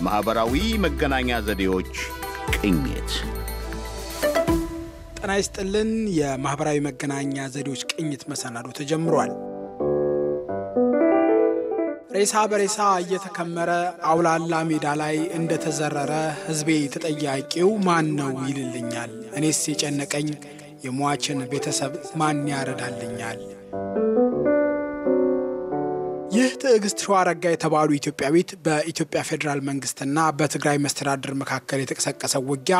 የማኅበራዊ መገናኛ ዘዴዎች ቅኝት ጤና ይስጥልን። የማኅበራዊ መገናኛ ዘዴዎች ቅኝት መሰናዶ ተጀምሯል። ሬሳ በሬሳ እየተከመረ አውላላ ሜዳ ላይ እንደተዘረረ ሕዝቤ ተጠያቂው ማን ነው ይልልኛል። እኔስ የጨነቀኝ የሟችን ቤተሰብ ማን ያረዳልኛል? ይህ ትዕግስት ሸዋ ረጋ የተባሉ ኢትዮጵያዊት በኢትዮጵያ ፌዴራል መንግስትና በትግራይ መስተዳድር መካከል የተቀሰቀሰው ውጊያ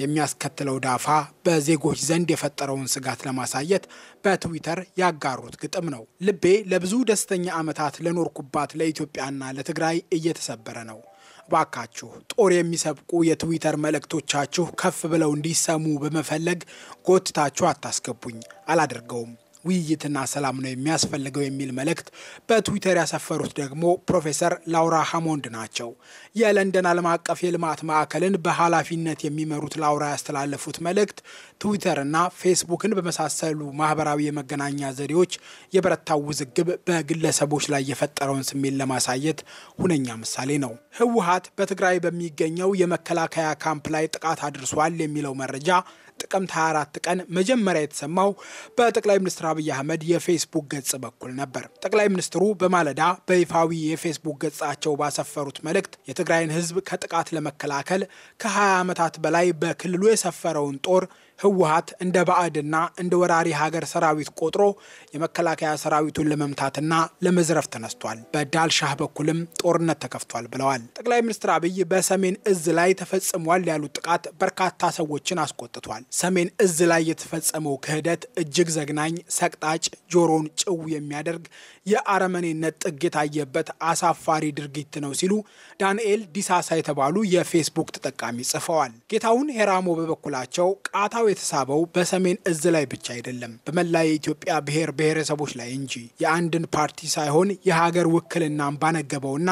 የሚያስከትለው ዳፋ በዜጎች ዘንድ የፈጠረውን ስጋት ለማሳየት በትዊተር ያጋሩት ግጥም ነው። ልቤ ለብዙ ደስተኛ ዓመታት ለኖርኩባት ለኢትዮጵያና ለትግራይ እየተሰበረ ነው። ባካችሁ ጦር የሚሰብቁ የትዊተር መልእክቶቻችሁ ከፍ ብለው እንዲሰሙ በመፈለግ ጎትታችሁ አታስገቡኝ። አላደርገውም ውይይትና ሰላም ነው የሚያስፈልገው የሚል መልእክት በትዊተር ያሰፈሩት ደግሞ ፕሮፌሰር ላውራ ሃሞንድ ናቸው። የለንደን ዓለም አቀፍ የልማት ማዕከልን በኃላፊነት የሚመሩት ላውራ ያስተላለፉት መልእክት ትዊተርና ፌስቡክን በመሳሰሉ ማህበራዊ የመገናኛ ዘዴዎች የበረታው ውዝግብ በግለሰቦች ላይ የፈጠረውን ስሜት ለማሳየት ሁነኛ ምሳሌ ነው። ህወሀት በትግራይ በሚገኘው የመከላከያ ካምፕ ላይ ጥቃት አድርሷል የሚለው መረጃ ጥቅምት 24 ቀን መጀመሪያ የተሰማው በጠቅላይ ሚኒስትር አብይ አህመድ የፌስቡክ ገጽ በኩል ነበር። ጠቅላይ ሚኒስትሩ በማለዳ በይፋዊ የፌስቡክ ገጻቸው ባሰፈሩት መልእክት የትግራይን ህዝብ ከጥቃት ለመከላከል ከ20 ዓመታት በላይ በክልሉ የሰፈረውን ጦር ህወሀት እንደ ባዕድና እንደ ወራሪ ሀገር ሰራዊት ቆጥሮ የመከላከያ ሰራዊቱን ለመምታትና ለመዝረፍ ተነስቷል። በዳልሻህ በኩልም ጦርነት ተከፍቷል ብለዋል። ጠቅላይ ሚኒስትር አብይ በሰሜን እዝ ላይ ተፈጽሟል ያሉት ጥቃት በርካታ ሰዎችን አስቆጥቷል። ሰሜን እዝ ላይ የተፈጸመው ክህደት እጅግ ዘግናኝ፣ ሰቅጣጭ፣ ጆሮን ጭው የሚያደርግ የአረመኔነት ጥግ የታየበት አሳፋሪ ድርጊት ነው ሲሉ ዳንኤል ዲሳሳ የተባሉ የፌስቡክ ተጠቃሚ ጽፈዋል። ጌታሁን ሄራሞ በበኩላቸው ቃታ ቁጣው የተሳበው በሰሜን እዝ ላይ ብቻ አይደለም፣ በመላ የኢትዮጵያ ብሔር ብሔረሰቦች ላይ እንጂ የአንድን ፓርቲ ሳይሆን የሀገር ውክልና ባነገበውና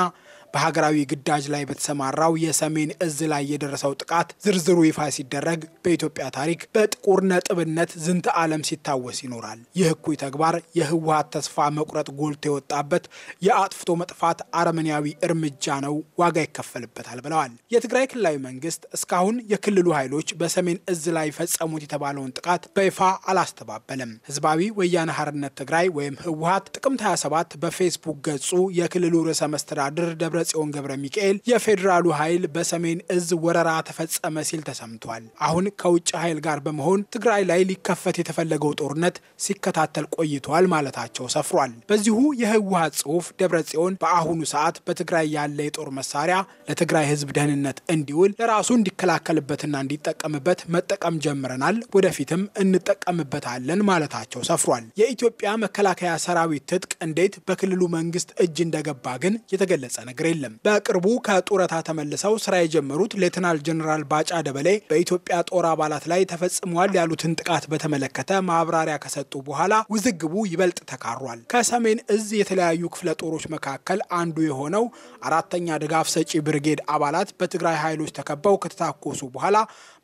በሀገራዊ ግዳጅ ላይ በተሰማራው የሰሜን እዝ ላይ የደረሰው ጥቃት ዝርዝሩ ይፋ ሲደረግ በኢትዮጵያ ታሪክ በጥቁር ነጥብነት ዝንተ ዓለም ሲታወስ ይኖራል። ይህ እኩይ ተግባር የህወሀት ተስፋ መቁረጥ ጎልቶ የወጣበት የአጥፍቶ መጥፋት አረመኔያዊ እርምጃ ነው፣ ዋጋ ይከፈልበታል ብለዋል። የትግራይ ክልላዊ መንግስት እስካሁን የክልሉ ኃይሎች በሰሜን እዝ ላይ ፈጸሙት የተባለውን ጥቃት በይፋ አላስተባበለም። ህዝባዊ ወያነ ሀርነት ትግራይ ወይም ህወሀት ጥቅምት 27 በፌስቡክ ገጹ የክልሉ ርዕሰ መስተዳድር ደብረ ጽዮን ገብረ ሚካኤል የፌዴራሉ ኃይል በሰሜን እዝ ወረራ ተፈጸመ ሲል ተሰምቷል። አሁን ከውጭ ኃይል ጋር በመሆን ትግራይ ላይ ሊከፈት የተፈለገው ጦርነት ሲከታተል ቆይቷል ማለታቸው ሰፍሯል። በዚሁ የህወሀት ጽሁፍ ደብረ ጽዮን በአሁኑ ሰዓት በትግራይ ያለ የጦር መሳሪያ ለትግራይ ህዝብ ደህንነት እንዲውል ለራሱ እንዲከላከልበትና እንዲጠቀምበት መጠቀም ጀምረናል፣ ወደፊትም እንጠቀምበታለን ማለታቸው ሰፍሯል። የኢትዮጵያ መከላከያ ሰራዊት ትጥቅ እንዴት በክልሉ መንግስት እጅ እንደገባ ግን የተገለጸ ነገር የለም። በቅርቡ ከጡረታ ተመልሰው ስራ የጀመሩት ሌትናል ጀኔራል ባጫ ደበሌ በኢትዮጵያ ጦር አባላት ላይ ተፈጽመዋል። ያሉትን ጥቃት በተመለከተ ማብራሪያ ከሰጡ በኋላ ውዝግቡ ይበልጥ ተካሯል። ከሰሜን እዝ የተለያዩ ክፍለ ጦሮች መካከል አንዱ የሆነው አራተኛ ድጋፍ ሰጪ ብርጌድ አባላት በትግራይ ኃይሎች ተከበው ከተታኮሱ በኋላ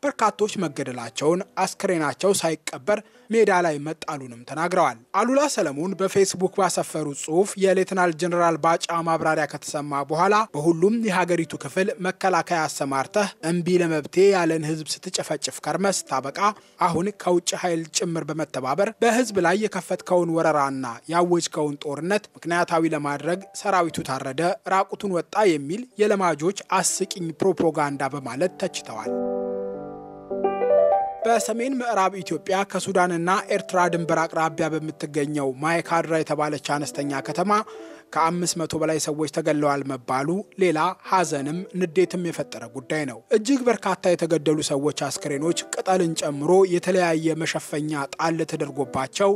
በርካቶች መገደላቸውን አስክሬናቸው ሳይቀበር ሜዳ ላይ መጣሉንም ተናግረዋል። አሉላ ሰለሞን በፌስቡክ ባሰፈሩ ጽሑፍ የሌትናል ጀኔራል ባጫ ማብራሪያ ከተሰማ በኋላ በሁሉም የሀገሪቱ ክፍል መከላከያ አሰማርተህ እምቢ ለመብቴ ያለን ህዝብ ስትጨፈጭፍ ከርመስ ታበቃ አሁን ከውጭ ኃይል ጭምር በመተባበር በህዝብ ላይ የከፈትከውን ወረራና ያወጅከውን ጦርነት ምክንያታዊ ለማድረግ ሰራዊቱ ታረደ፣ ራቁቱን ወጣ የሚል የለማጆች አስቂኝ ፕሮፓጋንዳ በማለት ተችተዋል። በሰሜን ምዕራብ ኢትዮጵያ ከሱዳንና ኤርትራ ድንበር አቅራቢያ በምትገኘው ማይካድራ የተባለች አነስተኛ ከተማ ከ500 በላይ ሰዎች ተገለዋል መባሉ ሌላ ሐዘንም ንዴትም የፈጠረ ጉዳይ ነው። እጅግ በርካታ የተገደሉ ሰዎች አስክሬኖች ቅጠልን ጨምሮ የተለያየ መሸፈኛ ጣል ተደርጎባቸው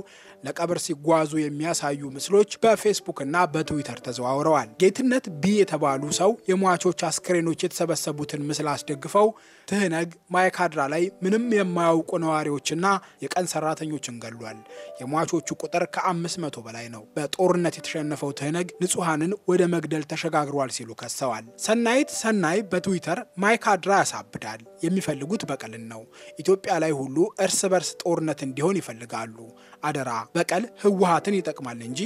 ለቀብር ሲጓዙ የሚያሳዩ ምስሎች በፌስቡክና በትዊተር ተዘዋውረዋል። ጌትነት ቢ የተባሉ ሰው የሟቾች አስክሬኖች የተሰበሰቡትን ምስል አስደግፈው ትህነግ ማይካድራ ላይ ምንም የማያውቁ ነዋሪዎችና የቀን ሰራተኞችን ገሏል። የሟቾቹ ቁጥር ከ500 በላይ ነው። በጦርነት የተሸነፈው ትህነግ ንጹሐንን ወደ መግደል ተሸጋግሯል ሲሉ ከሰዋል። ሰናይት ሰናይ በትዊተር ማይካድራ ያሳብዳል። የሚፈልጉት በቀልን ነው። ኢትዮጵያ ላይ ሁሉ እርስ በርስ ጦርነት እንዲሆን ይፈልጋሉ። አደራ በቀል ህወሀትን ይጠቅማል እንጂ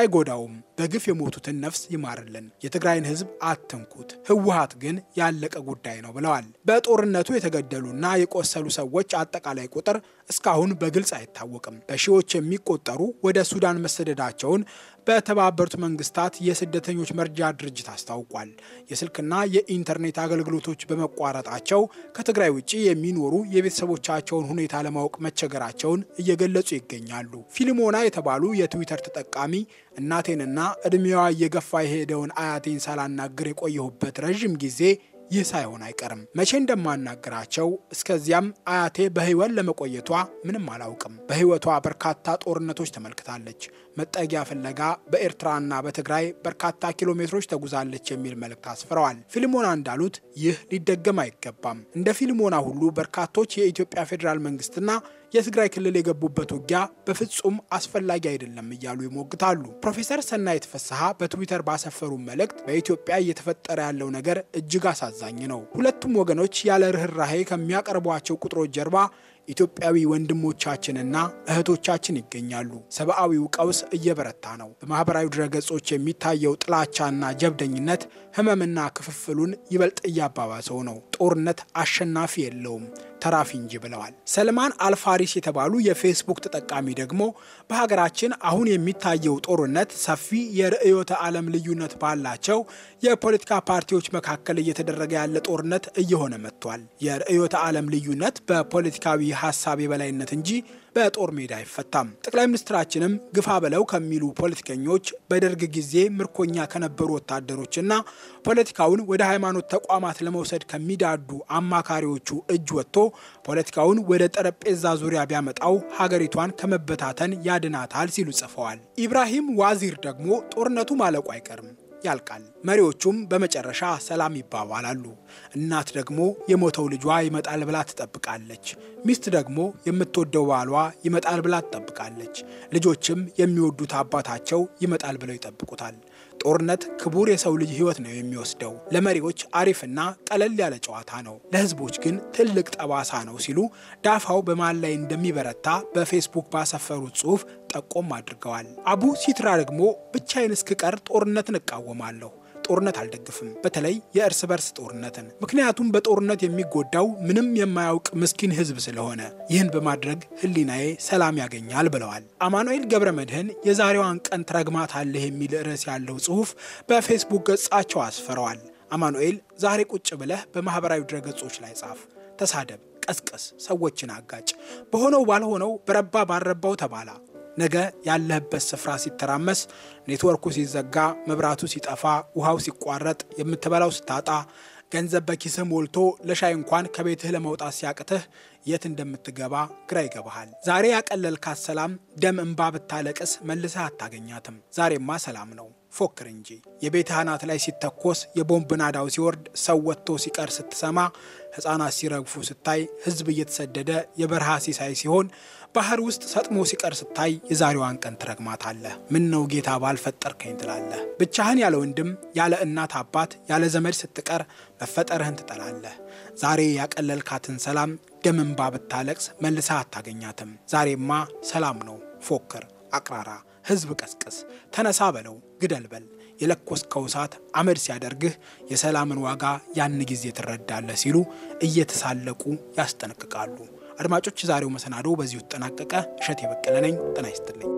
አይጎዳውም። በግፍ የሞቱትን ነፍስ ይማርልን። የትግራይን ህዝብ አትንኩት፣ ህወሀት ግን ያለቀ ጉዳይ ነው ብለዋል። በጦርነቱ የተገደሉና የቆሰሉ ሰዎች አጠቃላይ ቁጥር እስካሁን በግልጽ አይታወቅም። በሺዎች የሚቆጠሩ ወደ ሱዳን መሰደዳቸውን በተባበሩት መንግስታት የስደተኞች መርጃ ድርጅት አስታውቋል። የስልክና የኢንተርኔት አገልግሎቶች በመቋረጣቸው ከትግራይ ውጭ የሚኖሩ የቤተሰቦቻቸውን ሁኔታ ለማወቅ መቸገራቸውን እየገለጹ ይገኛሉ። ፊልሞና የተባሉ የትዊተር ተጠቃሚ እናቴንና እድሜዋ እየገፋ የሄደውን አያቴን ሳላናግር የቆየሁበት ረዥም ጊዜ ይህ ሳይሆን አይቀርም። መቼ እንደማናገራቸው እስከዚያም አያቴ በህይወት ለመቆየቷ ምንም አላውቅም። በህይወቷ በርካታ ጦርነቶች ተመልክታለች። መጠጊያ ፍለጋ በኤርትራና በትግራይ በርካታ ኪሎ ሜትሮች ተጉዛለች የሚል መልእክት አስፍረዋል። ፊልሞና እንዳሉት ይህ ሊደገም አይገባም። እንደ ፊልሞና ሁሉ በርካቶች የኢትዮጵያ ፌዴራል መንግስትና የትግራይ ክልል የገቡበት ውጊያ በፍጹም አስፈላጊ አይደለም እያሉ ይሞግታሉ። ፕሮፌሰር ሰናይት ፍስሀ በትዊተር ባሰፈሩ መልእክት በኢትዮጵያ እየተፈጠረ ያለው ነገር እጅግ አሳዛኝ ነው። ሁለቱም ወገኖች ያለ ርኅራሄ ከሚያቀርቧቸው ቁጥሮች ጀርባ ኢትዮጵያዊ ወንድሞቻችንና እህቶቻችን ይገኛሉ። ሰብአዊው ቀውስ እየበረታ ነው። በማህበራዊ ድረገጾች የሚታየው ጥላቻና ጀብደኝነት ህመምና ክፍፍሉን ይበልጥ እያባባሰው ነው። ጦርነት አሸናፊ የለውም ተራፊ እንጂ ብለዋል። ሰልማን አልፋሪስ የተባሉ የፌስቡክ ተጠቃሚ ደግሞ በሀገራችን አሁን የሚታየው ጦርነት ሰፊ የርዕዮተ ዓለም ልዩነት ባላቸው የፖለቲካ ፓርቲዎች መካከል እየተደረገ ያለ ጦርነት እየሆነ መጥቷል። የርዕዮተ ዓለም ልዩነት በፖለቲካዊ የሀሳብ የበላይነት እንጂ በጦር ሜዳ አይፈታም። ጠቅላይ ሚኒስትራችንም ግፋ በለው ከሚሉ ፖለቲከኞች በደርግ ጊዜ ምርኮኛ ከነበሩ ወታደሮችና ፖለቲካውን ወደ ሃይማኖት ተቋማት ለመውሰድ ከሚዳዱ አማካሪዎቹ እጅ ወጥቶ ፖለቲካውን ወደ ጠረጴዛ ዙሪያ ቢያመጣው ሀገሪቷን ከመበታተን ያድናታል ሲሉ ጽፈዋል። ኢብራሂም ዋዚር ደግሞ ጦርነቱ ማለቁ አይቀርም ያልቃል። መሪዎቹም በመጨረሻ ሰላም ይባባላሉ። እናት ደግሞ የሞተው ልጇ ይመጣል ብላ ትጠብቃለች። ሚስት ደግሞ የምትወደው ባሏ ይመጣል ብላ ትጠብቃለች። ልጆችም የሚወዱት አባታቸው ይመጣል ብለው ይጠብቁታል። ጦርነት ክቡር የሰው ልጅ ሕይወት ነው የሚወስደው። ለመሪዎች አሪፍና ቀለል ያለ ጨዋታ ነው፣ ለሕዝቦች ግን ትልቅ ጠባሳ ነው ሲሉ ዳፋው በማን ላይ እንደሚበረታ በፌስቡክ ባሰፈሩት ጽሑፍ ጠቆም አድርገዋል። አቡ ሲትራ ደግሞ ብቻዬን እስክቀር ጦርነትን እቃወማለሁ ጦርነት አልደግፍም፣ በተለይ የእርስ በርስ ጦርነትን። ምክንያቱም በጦርነት የሚጎዳው ምንም የማያውቅ ምስኪን ሕዝብ ስለሆነ ይህን በማድረግ ሕሊናዬ ሰላም ያገኛል ብለዋል። አማኑኤል ገብረ መድህን የዛሬዋን ቀን ትረግማታለህ የሚል ርዕስ ያለው ጽሑፍ በፌስቡክ ገጻቸው አስፍረዋል። አማኑኤል ዛሬ ቁጭ ብለህ በማኅበራዊ ድረገጾች ላይ ጻፍ፣ ተሳደብ ቀስቀስ፣ ሰዎችን አጋጭ፣ በሆነው ባልሆነው በረባ ባረባው ተባላ፣ ነገ ያለህበት ስፍራ ሲተራመስ፣ ኔትወርኩ ሲዘጋ፣ መብራቱ ሲጠፋ፣ ውሃው ሲቋረጥ፣ የምትበላው ስታጣ፣ ገንዘብ በኪስህ ሞልቶ ለሻይ እንኳን ከቤትህ ለመውጣት ሲያቅትህ የት እንደምትገባ ግራ ይገባሃል። ዛሬ ያቀለልካት ሰላም ደም እንባ ብታለቅስ መልሰህ አታገኛትም። ዛሬማ ሰላም ነው፣ ፎክር እንጂ። የቤትህ አናት ላይ ሲተኮስ፣ የቦምብ ናዳው ሲወርድ፣ ሰው ወጥቶ ሲቀር ስትሰማ፣ ሕፃናት ሲረግፉ ስታይ፣ ሕዝብ እየተሰደደ የበረሃ ሲሳይ ሲሆን ባህር ውስጥ ሰጥሞ ሲቀር ስታይ የዛሬዋን ቀን ትረግማታለህ። ምን ነው ጌታ ባልፈጠርከኝ ትላለህ። ብቻህን ያለ ወንድም ያለ እናት አባት ያለ ዘመድ ስትቀር መፈጠርህን ትጠላለህ። ዛሬ ያቀለልካትን ሰላም ደምንባ ብታለቅስ መልሰህ አታገኛትም። ዛሬማ ሰላም ነው። ፎክር፣ አቅራራ፣ ህዝብ ቀስቅስ፣ ተነሳ በለው፣ ግደል በል። የለኮስከው እሳት አመድ ሲያደርግህ የሰላምን ዋጋ ያን ጊዜ ትረዳለህ ሲሉ እየተሳለቁ ያስጠነቅቃሉ። አድማጮች፣ ዛሬው መሰናዶ በዚሁ ተጠናቀቀ። እሸት የበቀለ ነኝ። ጤና ይስጥልኝ።